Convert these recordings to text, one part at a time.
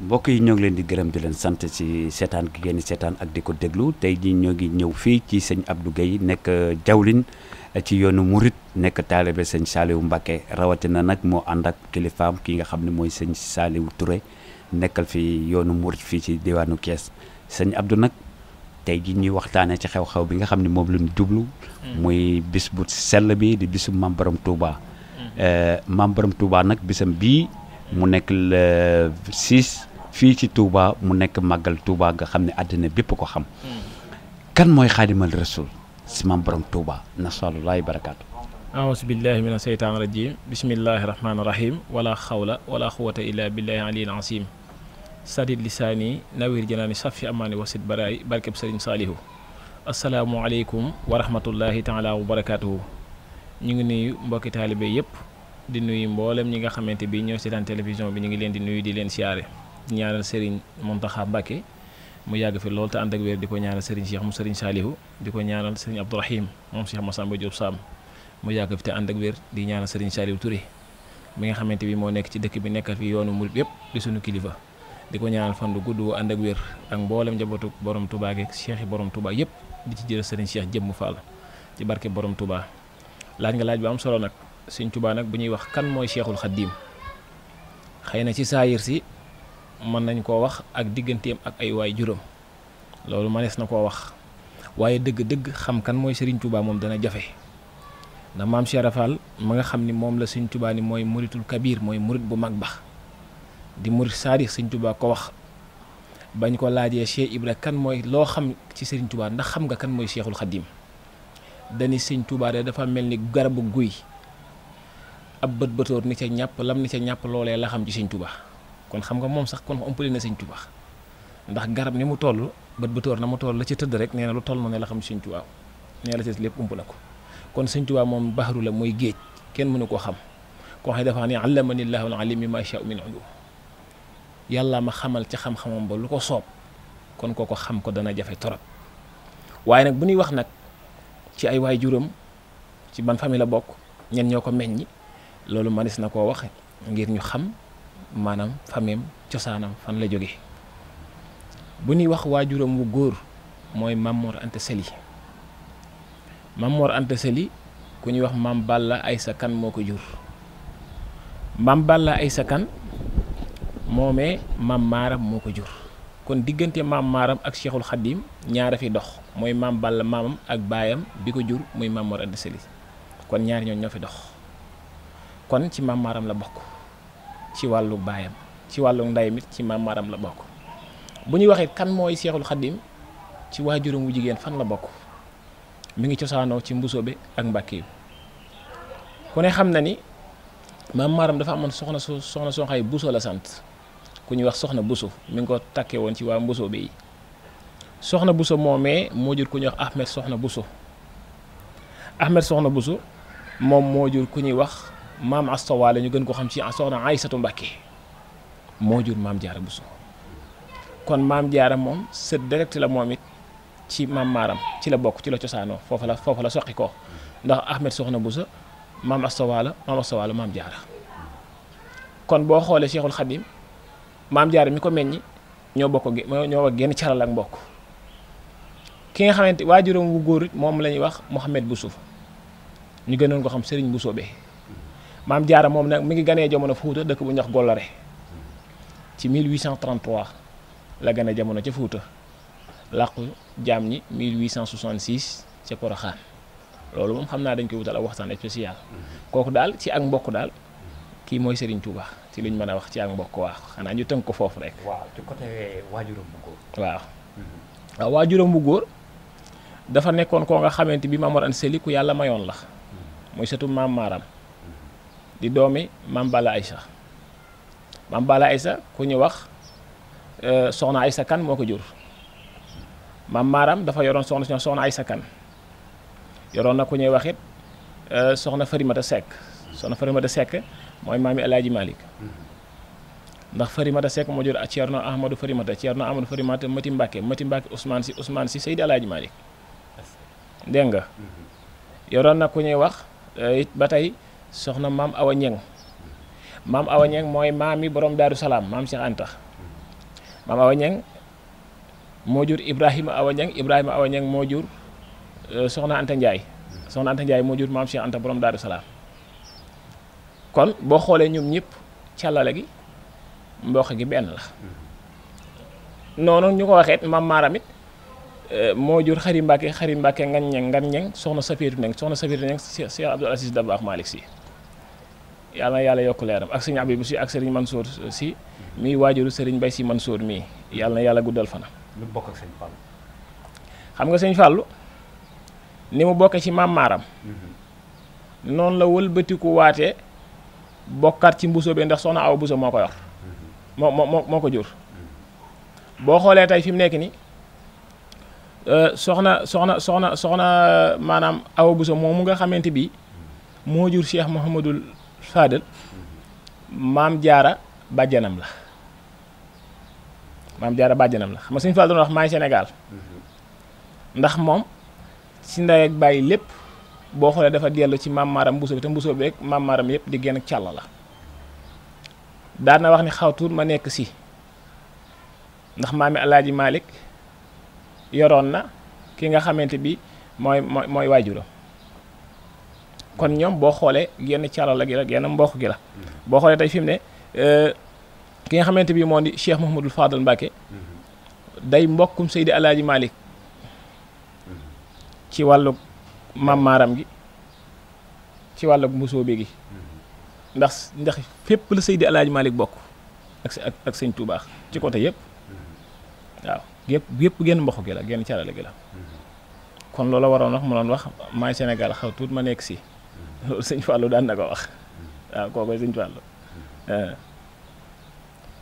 mbokk yi ñoo ngi leen di gërëm di leen sant si seetaan gi ngeen di seetaan ak di ko déglu tey jii ñoo ngi ñëw fii ci sëñ Abdou Guèye nekk euh, jawlin euh, ci yoonu Murit nekk taalibe sëñ Saliou Mbacké rawatina nag moo ànd ak kilifaam ki nga xam ne mooy sëñ Saliou Touré nekkal fi yoonu Murit fii ci diwaanu Thiès sëñ Abdou nag tey jii ñuy waxtaanee ci xew-xew bi nga xam ne moom la ñu jublu. Mm. muy bis bu sell bi di bisu Maam Borom Touba. Mm. Euh, Maam Borom Touba nag bisam bii mu nekk le 6. fii ci Touba mu nekk màggal Touba nga xam ne àddina bépp ko xam. kan mooy xaadimal rasul si maam borom Touba nasalullahi barakaatu. aawusu billahi mina seytaan rajim bismillahi rahmaani rahim wala xawla wala quwata illa billahi aliyil asim sadid lisaani nawir janaani safi amaani wasit baraay barkeb sëriñ saalihu asalaamualeykum wa rahmatullahi taala wa barakaatuhu ñu ngi nuyu mbokki taalibe yëpp di nuyu mboolem ñi nga xamante bi ñoo seetaan télévision bi ñu ngi leen di nuyu di leen siyaare ñaanal Serigne Mountakha Mbacké mu yàgg fi loolu te ànd ak wér di ko ñaanal Serigne Cheikh mu Serigne Salihu di ko ñaanal Serigne Abdourahim moom Cheikh Massamba Diop Sam mu yàgg fi te ànd ak wér di ñaanal Serigne Salihu Touré mi nga xamante bi moo nekk ci dëkk bi nekk fi yoonu murid yëpp di suñu kilifa di ko ñaanal fan bu gudd wu ànd ak wér ak mboolem njabootu borom Touba geeg Cheikh yi borom Touba yëpp di ci jël Serigne Cheikh Jëmm Fall ci barke borom Touba laaj nga laaj bu am solo nag Serigne nag bu ñuy wax kan mooy Cheikhul Khadim mën nañ koo wax ak digganteem ak ay waay juróom loolu mënees na koo wax waaye dëgg-dëgg xam kan mooy sëriñ Touba moom dana jafe ndax maam Cheikh Rafal ma nga xam ni moom la Serigne Touba ni mooy muritul kabir mooy murit bu mag ba di murit saadix sëñ Touba ko wax bañ ko laajee Cheikh Ibra kan mooy loo xam ci Serigne Touba ndax xam nga kan mooy Cheikhul Khadim dani sëñ Touba de dafa mel ni garabu guy ab bët bëtoor ni ca ñàpp lam ni ca ñàpp loolee la xam ci Serigne kon xam nga moom sax kon ëmpale na sëñ Tuubaa ndax garab ni mu toll bët ba na mu toll la ci tëdd rek nee na lu toll noonu la xam sëñ Tuubaa nee la ci lépp ëmp na ko kon sëñ Tuubaa moom baxaru la mooy géej kenn mënu koo xam koo xam ne dafa ne allamani llahu al-alim min ulum ma xamal ci xam ba lu ko soob kon kooko xam ko dana jafe torop waaye nag bu ñuy wax nag ci ay waay juróom ci ban famille la bokk ñen ñoo ko meññi loolu manis na koo wax ngir ñu xam maanaam fameem cosaanam fan la jóge bu ñuy wax waa waajuram wu góor mooy Mamor Anta Sali Mamor Anta Sali ku ñuy wax Mam Balla Aysa Kan moo ko jur Mam Balla Aysa Kan moomee Mam Maaram moo ko jur kon diggante Mam Maaram ak Cheikhul Khadim ñaara fi dox mooy Mam Balla maamam ak baayam bi ko jur mooy Mamor Anta Sali kon ñaari ñoom ñoo fi dox kon ci Mam Maaram la bokk ci wàllu baayam ci wàllu ndeyam ci maam maaram la bokk bu ñuy waxee kan mooy seexul xaddim ci waajuram wu jigéen fan la bokk mu ngi cosaanoo ci bi ak mbàkke yu ku ne xam na ni maam maaram dafa amoon soxna su soxna soo buso la sant ku ñuy wax soxna buso mi ngi ko takke woon ci waa mbusoobe yi soxna buso moomee moo jur ku ñuy wax ahmed soxna buso ahmed soxna buso moom moo jur ku ñuy wax maam Asta Waale ñu gën ko xam ci soxna Aysatu Mbàkke moo jur maam Jaara Buso kon maam Jaara moom sët direct la moom it ci maam Maaram ci la bokk ci la cosaanoo foofa la foofa la soqi ko ndax Ahmed soxna Buso maam Asta Waala maam Jaara kon boo xoolee Cheikhul Khadim maam Jaara mi ko meññ ñoo bokk ñoo wax genn caral ak mbokk ki nga xamante waajuram wu góor moom lañuy ñuy wax Mouhamed Bousso ñu gënoon ko xam Serigne Bousso be maam jaara moom nag mi ngi ganee jamono Fuuta dëkk bu ñax Gollare ci 1833 la gane jamono ca Fuuta làqu jaam ñi 1866 ca Poroxaan loolu moom xam naa dañ koy wutal ak waxtaan spécial kooku daal ci ak mbokk daal kii mooy Serigne Touba ci liñ mën a wax ci ak mbokk waaw xanaa ñu tënk ko foofu rek. waaw ci côté waajuram bu góor. Mhm. bu góor dafa nekkoon koo nga xamante bi ma Mor Anta ku yàlla mayoon la mhm. muy sëtu maam Maaram. di doomi maam Balla Aïcha maam Balla sax ku ñu wax euh, soxna Aïcha Kan moo ko jur maam Maaram dafa yoroon soxna si soxna Aïcha Kan yoroon na ku ñuy wax it euh, soxna Farimata sekk soxna Farimata Seck mooy maami El Hadj Malick ndax Farimata Seck moo jur Thierno Ahmadou Farimata Thierno Ahmadou Farimata Mati Mbacke Mati Mbacke Ousmane si Ousmane si Seydi El Hadj Malick dégg nga mhm. yoroon na ku ñuy wax euh, ba tey. soxna maam Awa Ñeng maam Awa Ñeng mooy maam yi boroom Daaru Salaam maam Cheikh Anta maam Awa Ñeng moo jur Ibrahima Awa Ñeng Ibrahima Awa Ñeng moo jur euh, soxna Anta Ndiaye soxna Anta Ndiaye moo jur maam Cheikh Anta borom Daaru Salaam kon boo xoolee ñoom ñëpp càllale gi mbokk gi benn la noonu ñu ko waxeet maam Maaram it euh, moo jur xari Mbàkke xari Mbàkke ngan ñeng nga ñeng soxna Safiitu Ñeng soxna Safiitu Ñeng Cheikh Abdoul Aziz Dabakh Malick Sy yàlla yàlla yokk leeram ak sëñ Habib si ak sëriñ Mansour si mii waajuru sëriñ Bay si man sóor mii yàlla na yàlla guddal fana lu bokk ak sëñ xam nga sëñ Fallou ni mu bokkee ci maam maaram mhm. noonu la wëlbatiku waatee bokkaat ci mbuso bi ndax soxna aw buso moo ko yor mhm. moo moo ko jur mhm. boo xoolee tey fi mu nekk ni euh, soxna soxna soxna soxna maanaam aw buso moom mu nga xamante bi moo jur Cheikh Mouhamadul Fadel maam jaara bàjjanam la maam jaara bàjjanam la xam nga suñu Fall doon wax maay Sénégal ndax moom ci ndey ak bàyyi lépp boo xoolee dafa dellu ci maam maaram mbuso bi te mbuso bi rek maam maaram yëpp di génn càll la daana wax ni xaw tuut ma nekk si ndax maami alaaji Malick yoroon na ki nga xamante bi mooy mooy mooy kon ñoom boo xoolee yenn calala gi la yenn mboq gi la boo xoolee tay fi mu ne euh, ki nga xamante bi moo di Cheikh Mouhamadul Fadal Mbacke day mbokkum Seydi Alaaji Malick ci wàllu maam maaram gi ci wàllu mbusoobe gi ndax ndax fépp la Seydi Alaaji Malick bokk ak ak ak sëñ Tuubaa ci côté yëpp waaw yépp yëpp genn mboq gi la genn calala gi la kon loola waroon wax mu doon wax maay Sénégal xaw tuut ma nekk si loolu sëñ Fallou daan na ko wax waaw kooku sëñ Fallou hmm. eh.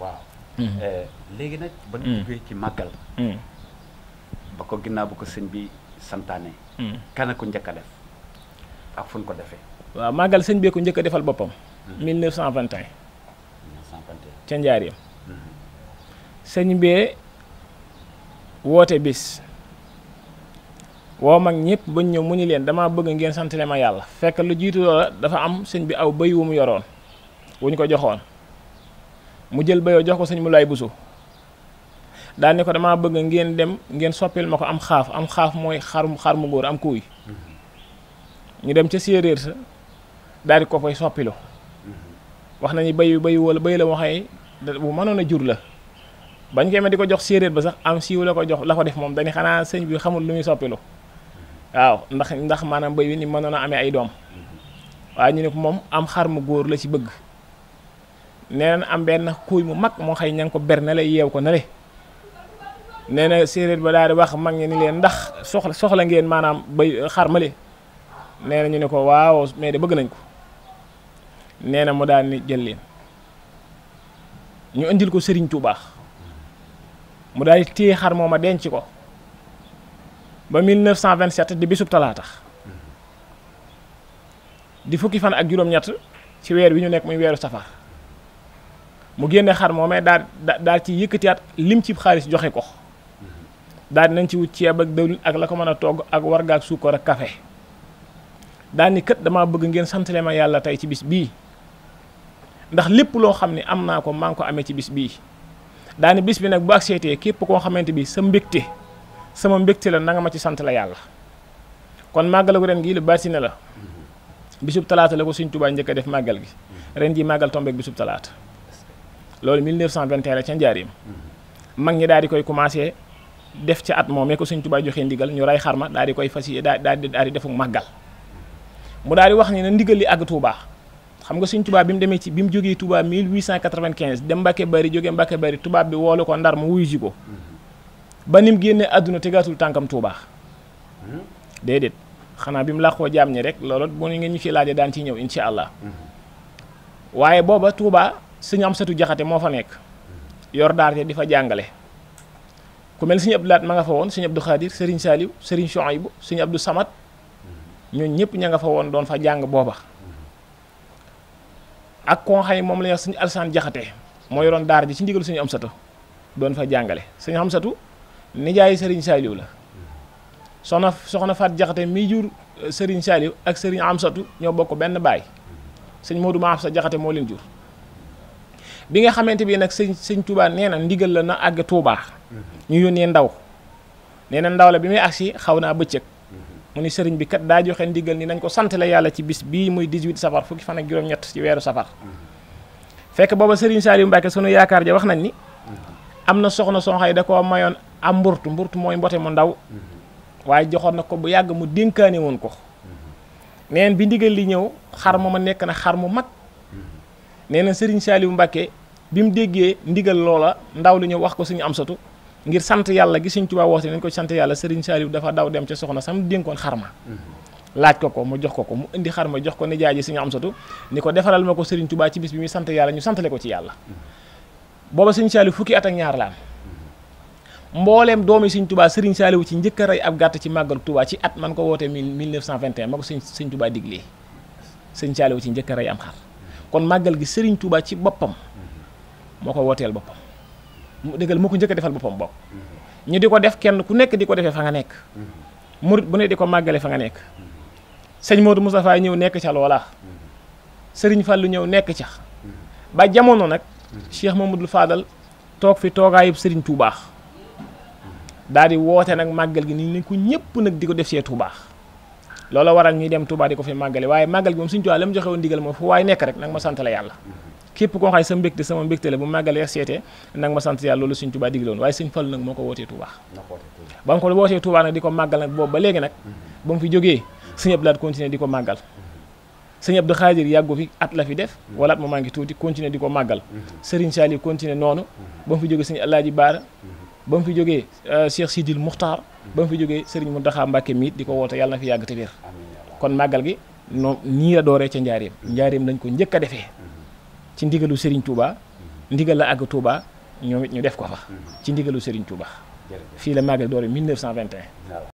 waaw hmm. eh, léegi nag ba ñu hmm. duggee ci màggal ba ko ginnaaw bu ko sëñ bi santaane kana ko njëkk a def ak fu ko defee waaw màggal sëñ bee ko njëkk a defal boppam 1921 ca Njaareem sëñ bee woote bis woo mag ñëpp bañ ñëw mu ni leen damaa bëgg ngeen santale ma yàlla fekk lu jiitu loola dafa am sëñ bi aw bay wu mu yoroon wu ñu ko joxoon mu jël béyoo jox ko sëñ mu lay busu daal ni ko damaa bëgg ngeen dem ngeen soppil ma ko am xaaf am xaaf mooy xar xar mu góor am kuuy ñu dem ca séeréer sa daal di ko fay soppilu wax nañu béyu bay wala béy la waxee bu mënoon a jur la bañ koy ma di ko jox séeréer ba sax am siiw la ko jox la ko def moom dañu xanaa sëñ bi xamul lu muy soppilu waaw ndax ndax maanaam bëy wi ni mënoon a amee ay doom waaw ñu ne ko moom am xar mu góor la ci bëgg nee na am benn kuuy mu mag moo xëy ña ko ber na la yeew ko na le nee na séeréer ba daal wax mag ñi ni leen ndax soxla soxla ngeen maanaam bëy xar ma le nee na ñu ne ko waaw mais de bëgg nañ ko nee na mu daal ni jël leen ñu indil ko sëriñ Serigne baax mu daal di xar xar mooma denc ko. ba 1927 di bisub talaata di fukki fan ak juróom-ñett ci weer wi ñu nekk muy weeru safar mu génne xar moomee daal daal ci yëkkatiyaat lim ci xaalis joxe ko daal di nañ ci wut ceeb ak dëwlin ak la ko mën a togg ak warga ak suukar ak kafe daal ni kët damaa bëgg ngeen santale ma yàlla tey ci bis bii ndax lépp loo xam ne am naa ko maa ko amee ci bis bii daal ni bis bi nag bu ak seetee képp koo xamante bi sa mbégte. sama mbégte la nanga ma ci sant la yàlla kon màggalagu ren gii lu bari ne la bisub talaata la ko Sëñ Tuubaa njëkk a def màggal gi ren ji màggal tombeeg bisub talaata loolu 1921 la ca njaarim mag ñi daa di koy commencé def ca at moom ko Sëñ Tuubaa joxee ndigal ñu rey xarma daal di koy fas yi daal di daal di defu màggal mu daal di wax ni na ndigal li àgg Touba xam nga Sëñ Tuubaa bi mu demee ci bi mu jógee Touba 1895 dem Mbàkke Bari jógee Mbàkke Bari tubaab bi woolu ko ndar mu wuyu ji ba ni mu génnee àdduna tegaatul tànkam Tuubaa déedéet xanaa bi mu làqoo jaam ñi rek loolu bu ngeen ñu ci laajee daan ciy ñëw incha allah waaye booba Tuubaa suñu am satu jaxate moo fa nekk yor daarte di fa jàngale ku mel suñu Abdu Laat ma nga fa woon suñu Abdu Xaadir Serigne Saliou Serigne Chouaïbou suñu Abdou Samad ñooñu ñëpp ña nga fa woon doon fa jàng booba ak koo moom la suñu Alsaan jaxate moo yoroon daar ji ci ndigal suñu am satu doon fa jàngale suñu am satu nijaayu sëriñ Saliou la soxna soxna Faat Jaxate mi jur euh, sëriñ Saliou ak Serigne Amsatu ñoo bokk benn baay sëñ Modou Maaf sa Jaxate moo leen jur bi nga xamante bii nag sëñ sëñ Touba nee na ndigal la na àgg Touba ñu yónnee ndaw nee na ndaw la bi muy agsi xaw naa bëccëg mu ni sëriñ bi kat daa joxe ndigal ni nañ ko sant la yàlla ci bis bii muy 18 safar fukki fan ak juróom-ñett ci weeru safar fekk booba Serigne Saliou Mbacke sunu yaakaar ja wax nañ ni am na soxna soo xay da koo am mburtu mburtu mooy mbote mu ndaw waaye joxoon na ko bu yàgg mu dénkaane woon ko neen bi ndigal li ñëw xar ma ma nekk na xar mu mag nee na sëriñ Saliou Mbacke bi mu déggee ndigal loola ndaw li ñu wax ko suñu am satu ngir sant yàlla gi suñ Tuubaa woote nañ ko sant yàlla sëriñ Saliou dafa daw dem ca soxna sam dénkoon xar ma laaj ko ko mu jox ko ko mu indi xar ma jox ko nijaay ji suñu am satu ni ko defaral ma ko sëriñ Tuubaa ci bis bi muy sant yàlla ñu santale ko ci yàlla booba sëriñ Saliou fukki at ak ñaar la mbooleem doomi sëñ tubaa sëriñ saaliwu ci njëkk a rey ab gàtt ci màggal tubaa ci at man ko wootee 1921 ma ko sëñ sëñ tubaa diglee sëñ saaliwu ci njëkk a rey am xar kon màggal gi sëriñ tubaa ci boppam moo ko wooteel boppam mu dëggal moo ko njëkk defal boppam bopp ñu di ko def kenn ku nekk di ko defee fa nga nekk murit bu ne di ko màggale fa nga nekk sëñ Modou Moustapha ñëw nekk ca loola sëriñ lu ñëw nekk ca ba jamono nag Cheikh Mamadou Fadal toog fi toogaayub sëriñ Touba. daal di woote nag màggal gi nii ni ko ñëpp nag di ko def see Touba loola waral ñuy dem Touba di ko fi màggale waaye màggal gi moom suñu tubaab la mu joxe woon ndigal moom fu waaye la képp koo xay sa mbégte sama mbégte la bu màggal yeex seetee nag ma sant yàlla loolu suñ Touba digle woon fal nag moo ko wootee Touba ba mu ko wootee Touba nag di ko màggal nag boobu ba léegi nag ba mu fi jógee sëñ Abdou Lahad continuer di ko màggal sëñ Abdou Khadir yàggu fi at la fi def wala at ma maa ngi tuuti continuer di ko màggal Serigne Saliou continuer noonu ba mu fi jógee sëñ Alaaji Baara ba mu fi jógee euh, Cheikh Sidil Muxtaar ba mu fi jógee mu Mountakha Mbacké mi di ko woote yàlla na fi yàgg te wér kon màggal gi noonu nii la dooree ca njaareem mm-hmm. njaareem lañ ko njëkk a defee mm-hmm. ci ndigalu Serigne Touba mm-hmm. ndigal la àgg Touba ñoom it ñu def ko fa ci ndigalu Serigne Touba fii la màggal dooree 1921.